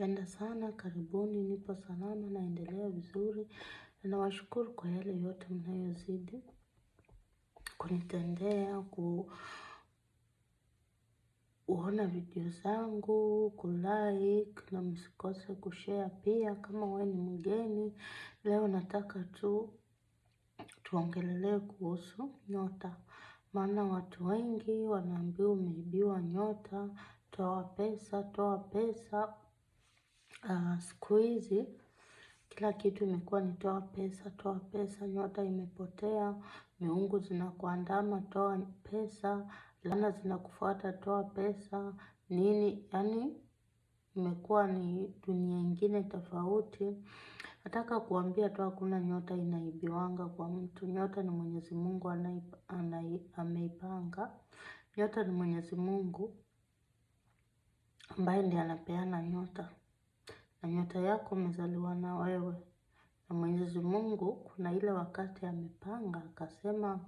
Napenda sana, karibuni, nipo salama, naendelea vizuri, nawashukuru kwa yale yote mnayozidi, kunitendea, kuona video zangu, kulike, na msikose kushare pia kama wewe ni mgeni. Leo nataka tu tuongelelee kuhusu nyota, maana watu wengi wanaambiwa umeibiwa nyota, toa pesa, toa pesa, Uh, siku hizi kila kitu imekuwa ni toa pesa, toa pesa, nyota imepotea, miungu zinakuandama, toa pesa, laana zinakufuata, toa pesa, nini yani, imekuwa ni dunia ingine tofauti. Nataka kuambia tu hakuna nyota inaibiwanga kwa mtu. Nyota ni Mwenyezi Mungu ameipanga. Nyota ni Mwenyezi Mungu ambaye ndiye anapeana nyota na nyota yako umezaliwa na wewe. Na Mwenyezi Mungu kuna ile wakati amepanga akasema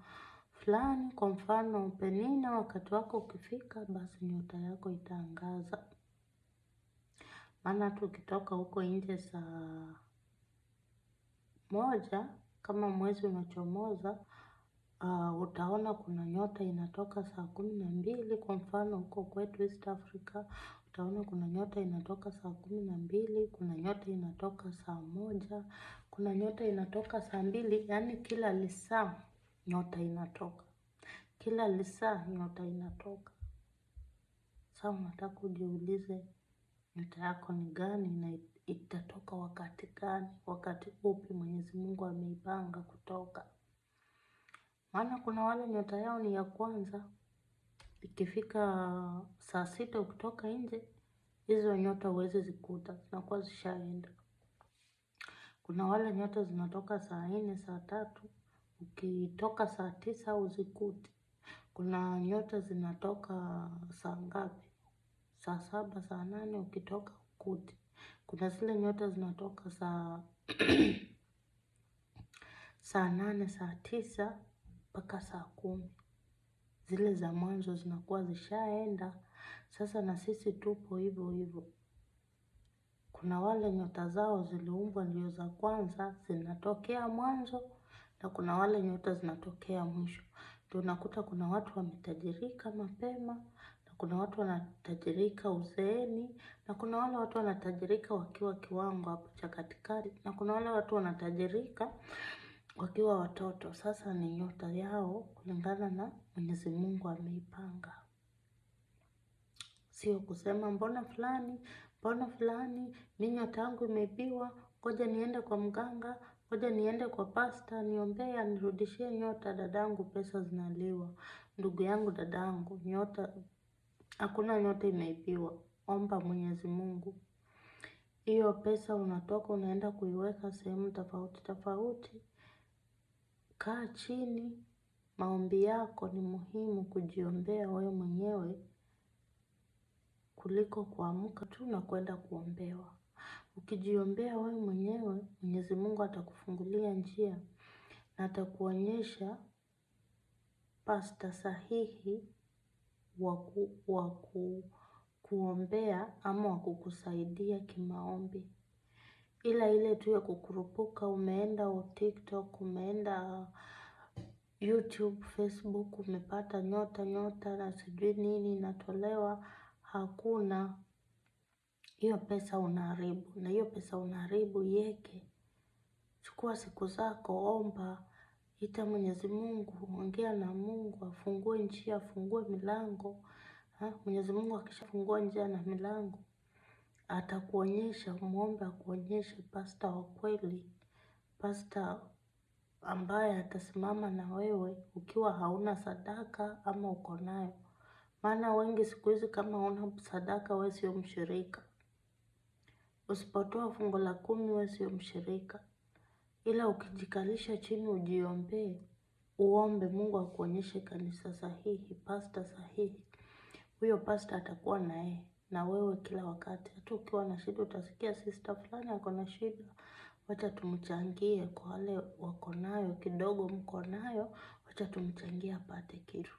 fulani, kwa mfano Penina, wakati wako ukifika, basi nyota yako itaangaza. Maana tu ukitoka huko nje saa moja kama mwezi unachomoza uh, utaona kuna nyota inatoka saa kumi na mbili kwa mfano huko kwetu East Africa Utaona kuna nyota inatoka saa kumi na mbili, kuna nyota inatoka saa moja, kuna nyota inatoka saa mbili, yaani kila lisaa nyota inatoka. Kila lisaa nyota inatoka. Saa unataka ujiulize nyota yako ni gani na itatoka wakati gani, wakati upi mwenyezi mungu ameipanga kutoka. Maana kuna wale nyota yao ni ya kwanza, ikifika saa sita ukitoka nje, hizo nyota huwezi zikuta, zinakuwa zishaenda. Kuna wale nyota zinatoka saa nne, saa tatu, ukitoka saa tisa uzikuti. Kuna nyota zinatoka saa ngapi? Saa saba, saa nane, ukitoka ukuti. Kuna zile nyota zinatoka saa saa nane, saa tisa mpaka saa kumi zile za mwanzo zinakuwa zishaenda. Sasa na sisi tupo hivyo hivyo. Kuna wale nyota zao ziliumbwa ndio za kwanza zinatokea mwanzo, na kuna wale nyota zinatokea mwisho. Ndio unakuta kuna watu wametajirika mapema, na kuna watu wanatajirika uzeeni, na kuna wale watu wanatajirika wakiwa kiwango hapo cha katikati, na kuna wale watu wanatajirika wakiwa watoto. Sasa ni nyota yao kulingana na Mwenyezi Mungu ameipanga, sio kusema mbona fulani mbona fulani, mi nyota yangu imeibiwa, ngoja niende kwa mganga, ngoja niende kwa pasta niombee anirudishie nyota, dadangu pesa zinaliwa. Ndugu yangu, dadangu, nyota hakuna nyota imeibiwa. Omba Mwenyezi Mungu hiyo pesa unatoka unaenda kuiweka sehemu tofauti tofauti. Kaa chini, maombi yako ni muhimu kujiombea wewe mwenyewe kuliko kuamka tu na kwenda kuombewa. Ukijiombea wewe mwenyewe, Mwenyezi Mungu atakufungulia njia na atakuonyesha pasta sahihi wa kuombea ama wa kukusaidia kimaombi ila ile tu ya kukurupuka, umeenda o TikTok, umeenda YouTube, Facebook, umepata nyota nyota na sijui nini inatolewa, hakuna hiyo pesa unaharibu, na hiyo pesa unaharibu yeke. Chukua siku zako, omba, ita Mwenyezi Mungu, ongea na Mungu, afungue njia, afungue milango. Mwenyezi Mungu akishafungua njia na milango atakuonyesha muombe akuonyeshe pasta wa kweli, pasta ambaye atasimama na wewe ukiwa hauna sadaka ama uko nayo. Maana wengi siku hizi kama una sadaka wewe sio mshirika. Usipotoa fungu la kumi wewe sio mshirika, ila ukijikalisha chini ujiombee, uombe Mungu akuonyeshe kanisa sahihi, pasta sahihi, huyo pasta atakuwa yeye na wewe kila wakati. Hata ukiwa na shida, utasikia sista fulani ako na shida, wacha tumchangie. Kwa wale wako nayo kidogo, mko nayo, wacha tumchangie apate kitu,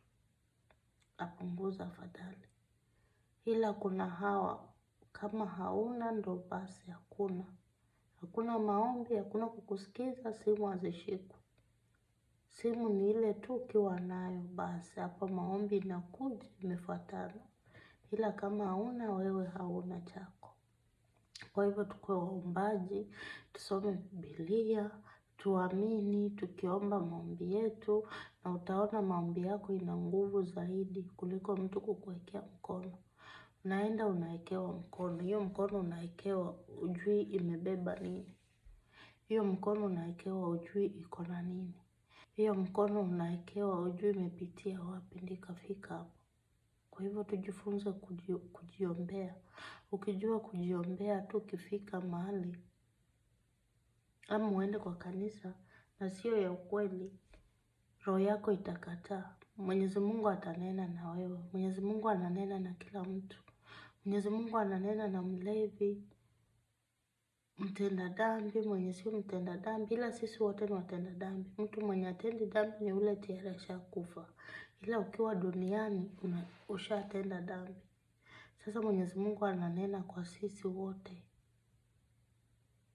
apunguza afadhali. Ila kuna hawa kama hauna ndo basi hakuna, hakuna maombi, hakuna kukusikiza, simu hazishikwi. Simu ni ile tu ukiwa nayo basi, hapa maombi inakuja imefuatana ila kama hauna wewe, hauna chako. Kwa hivyo tukuwe waombaji, tusome Biblia, tuamini, tukiomba maombi yetu, na utaona maombi yako ina nguvu zaidi kuliko mtu kukuwekea mkono. Unaenda unawekewa mkono, hiyo mkono unawekewa ujui imebeba nini, hiyo mkono unawekewa ujui iko na nini, hiyo mkono unawekewa ujui imepitia wapi ndikafika hapo. Kwa hivyo tujifunze kuji, kujiombea. Ukijua kujiombea tu ukifika mahali ama uende kwa kanisa na sio ya ukweli, roho yako itakataa. Mwenyezi Mungu atanena na wewe. Mwenyezi Mungu ananena na kila mtu. Mwenyezi Mungu ananena na mlevi, mtenda dhambi. Mwenye sio mtenda dhambi, ila sisi wote ni watenda dhambi. Mtu mwenye atendi dhambi ni ule tayari ashakufa, ila ukiwa duniani una ushatenda dhambi. Sasa Mwenyezi Mungu ananena kwa sisi wote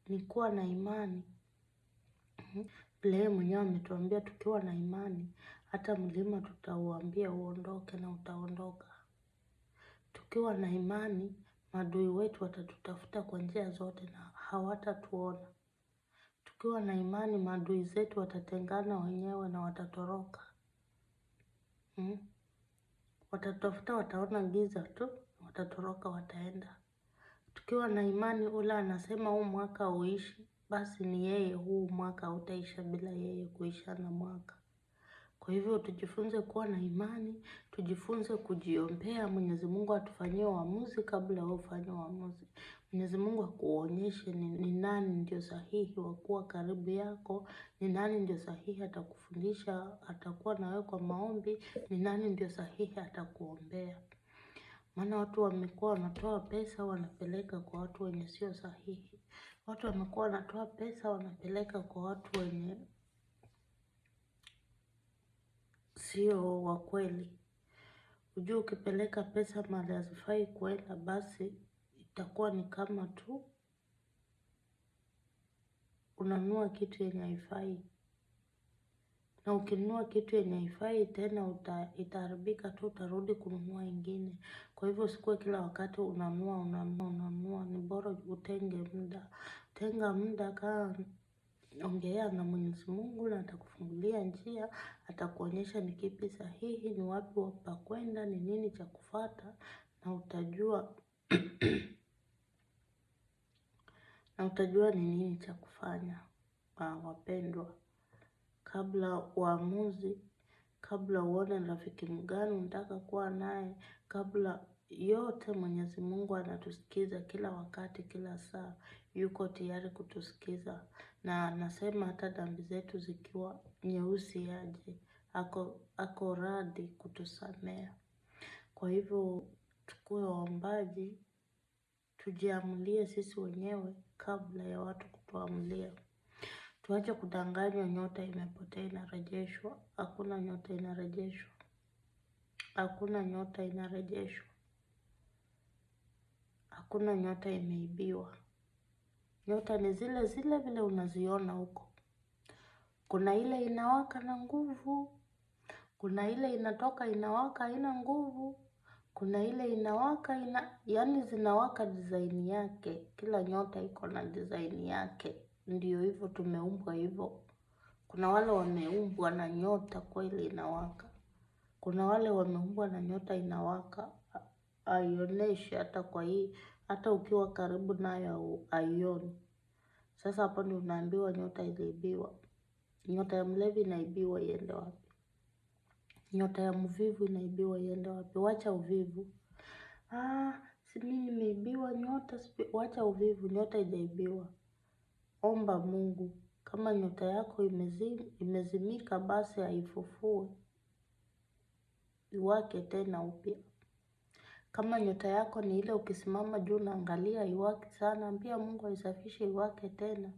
ni kuwa na imani. Bilaye mwenyewe ametuambia tukiwa na imani hata mlima tutauambia uondoke na utaondoka. Tukiwa na imani, maadui wetu watatutafuta kwa njia zote na hawatatuona. Tukiwa na imani, maadui zetu watatengana wenyewe na watatoroka hmm? Watatafuta, wataona giza tu, watatoroka, wataenda. Tukiwa na imani, ule anasema huu mwaka uishi, basi ni yeye, huu mwaka utaisha bila yeye kuisha na mwaka. Kwa hivyo tujifunze kuwa na imani, tujifunze kujiombea, Mwenyezi Mungu atufanyie uamuzi kabla wewe ufanye uamuzi. Mwenyezi Mungu akuonyeshe ni, ni nani ndio sahihi wa kuwa karibu yako, ni nani ndio sahihi atakufundisha, atakuwa na wewe kwa maombi, ni nani ndio sahihi atakuombea. Maana watu wamekuwa wanatoa pesa wanapeleka kwa watu wenye sio sahihi. Watu wamekuwa wanatoa pesa wanapeleka kwa watu wenye sio wa kweli. Ujua ukipeleka pesa mahali hazifai kuenda, basi itakuwa ni kama tu unanua kitu yenye haifai, na ukinunua kitu yenye haifai tena uta, itaharibika tu, utarudi kununua ingine. Kwa hivyo usikuwe kila wakati unanua unanua unanua ni bora utenge muda, tenga muda kaa Ongea na Mwenyezi Mungu na atakufungulia njia, atakuonyesha ni kipi sahihi, ni wapi pa kwenda, ni nini cha kufuata, na utajua na utajua ni nini cha kufanya. Wapendwa, kabla uamuzi, kabla uone rafiki mgani unataka kuwa naye, kabla yote, Mwenyezi Mungu anatusikiza kila wakati, kila saa, yuko tayari kutusikiza na anasema hata dhambi zetu zikiwa nyeusi aje ako, ako radi kutusamea. Kwa hivyo tukuwe waombaji, tujiamulie sisi wenyewe kabla ya watu kutuamulia. Tuache kudanganywa, nyota imepotea inarejeshwa. Hakuna nyota inarejeshwa, hakuna nyota inarejeshwa, hakuna nyota imeibiwa. Nyota ni zile zile vile unaziona huko. Kuna ile inawaka na nguvu, kuna ile inatoka inawaka haina nguvu, kuna ile inawaka ina, yani zinawaka design yake. Kila nyota iko na design yake, ndio hivyo tumeumbwa hivyo. Kuna wale wameumbwa na nyota kweli inawaka, kuna wale wameumbwa na nyota inawaka haionyeshi hata kwa hii hata ukiwa karibu nayo haioni. Sasa hapo ndio unaambiwa nyota iliibiwa. Nyota ya mlevi inaibiwa iende wapi? Nyota ya mvivu inaibiwa iende wapi? Wacha uvivu. Ah, si mimi nimeibiwa nyota, wacha uvivu, nyota ijaibiwa. Omba Mungu, kama nyota yako imezim, imezimika basi aifufue iwake tena upya. Kama nyota yako ni ile ukisimama juu unaangalia iwake sana, ambia Mungu aisafishe iwake tena.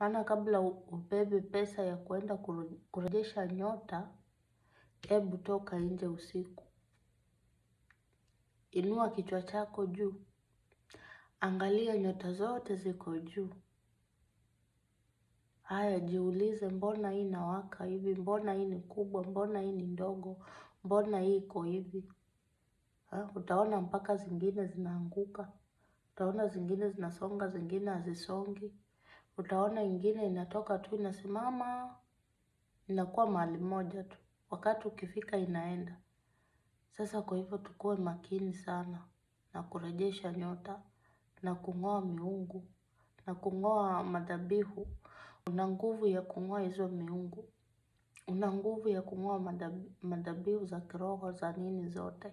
Maana kabla ubebe pesa ya kuenda kurejesha nyota, ebu toka nje usiku. Inua kichwa chako juu. Angalia nyota zote ziko juu. Haya, jiulize, mbona hii inawaka hivi? Mbona hii ni kubwa? Mbona hii ni ndogo? Mbona hii iko hivi? Ha, ah, utaona mpaka zingine zinaanguka, utaona zingine zinasonga, zingine hazisongi, utaona ingine inatoka tu inasimama, inakuwa mahali moja tu, wakati ukifika inaenda. Sasa kwa hivyo tukuwe makini sana na kurejesha nyota na kung'oa miungu na kung'oa madhabihu. Una nguvu ya kung'oa hizo miungu, una nguvu ya kung'oa madhabihu za kiroho za nini zote.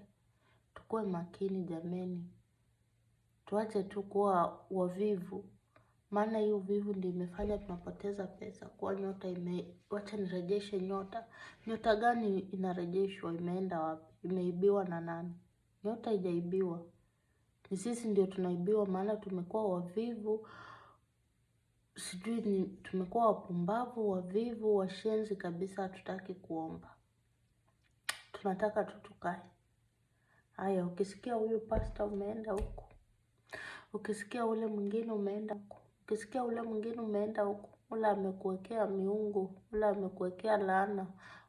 Tukuwe makini jameni, tuache tu kuwa wavivu, maana hiyo uvivu ndio imefanya tunapoteza pesa. Kuwa nyota ime, wacha nirejeshe nyota. Nyota gani inarejeshwa? Imeenda wapi? Imeibiwa na nani? Nyota haijaibiwa, ni sisi ndio tunaibiwa, maana tumekuwa wavivu sijui ni tumekuwa wapumbavu, wavivu, washenzi kabisa. Hatutaki kuomba, tunataka tu tukae. Haya, ukisikia huyu pasta umeenda huku, ukisikia ule mwingine umeenda huko, ukisikia ule mwingine umeenda huku, ule amekuwekea miungu, ule amekuwekea laana,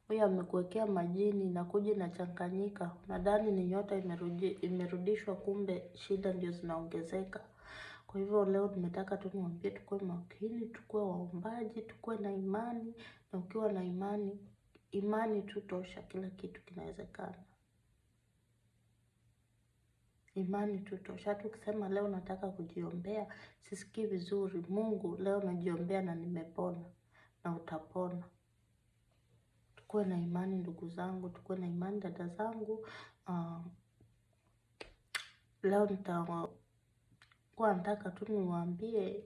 huyu amekuwekea majini, inakuja inachanganyika. Nadhani ni nyota imerudi, imerudishwa, kumbe shida ndio zinaongezeka. Kwa hivyo leo nimetaka tu niwaambie tukuwe makini, tukuwe waombaji, tukuwe na imani, na ukiwa na imani, imani tu tosha, kila kitu kinawezekana imani tutosha. Hata ukisema leo nataka kujiombea, sisikii vizuri, Mungu leo najiombea na nimepona, na utapona. Tukuwe na imani ndugu zangu, tukuwe na imani dada zangu. Uh, leo nitakuwa nataka tu niwaambie.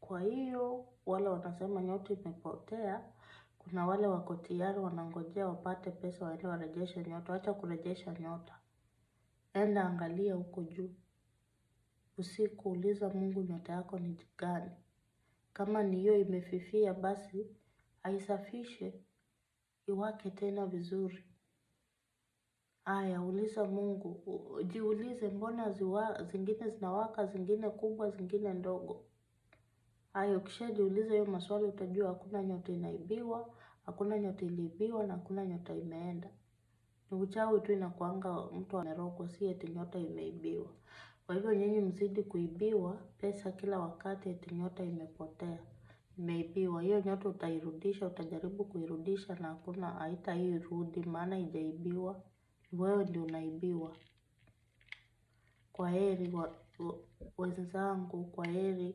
Kwa hiyo wale wanasema nyota imepotea, kuna wale wako tayari wanangojea wapate pesa waende warejeshe nyota. Wacha kurejesha nyota. Enda angalia huko juu. Usiku uliza Mungu nyota yako ni gani. Kama ni hiyo imefifia basi aisafishe iwake tena vizuri. Aya, uliza Mungu, jiulize mbona ziwa, zingine zinawaka, zingine kubwa, zingine ndogo. Aya, ukishajiuliza hiyo maswali utajua hakuna nyota inaibiwa, hakuna nyota iliibiwa na hakuna nyota imeenda. Uchawi tu inakuanga mtu amerogwa, si eti nyota imeibiwa. Kwa hivyo nyinyi mzidi kuibiwa pesa kila wakati, eti nyota imepotea, imeibiwa. Hiyo nyota utairudisha, utajaribu kuirudisha na hakuna, haitairudi maana haijaibiwa, wewe ndio unaibiwa. Kwa heri wenzangu, kwa heri.